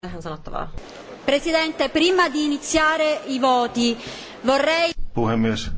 tähän sanottavaa. Presidente, prima di iniziare i voti, vorrei... Puhemies,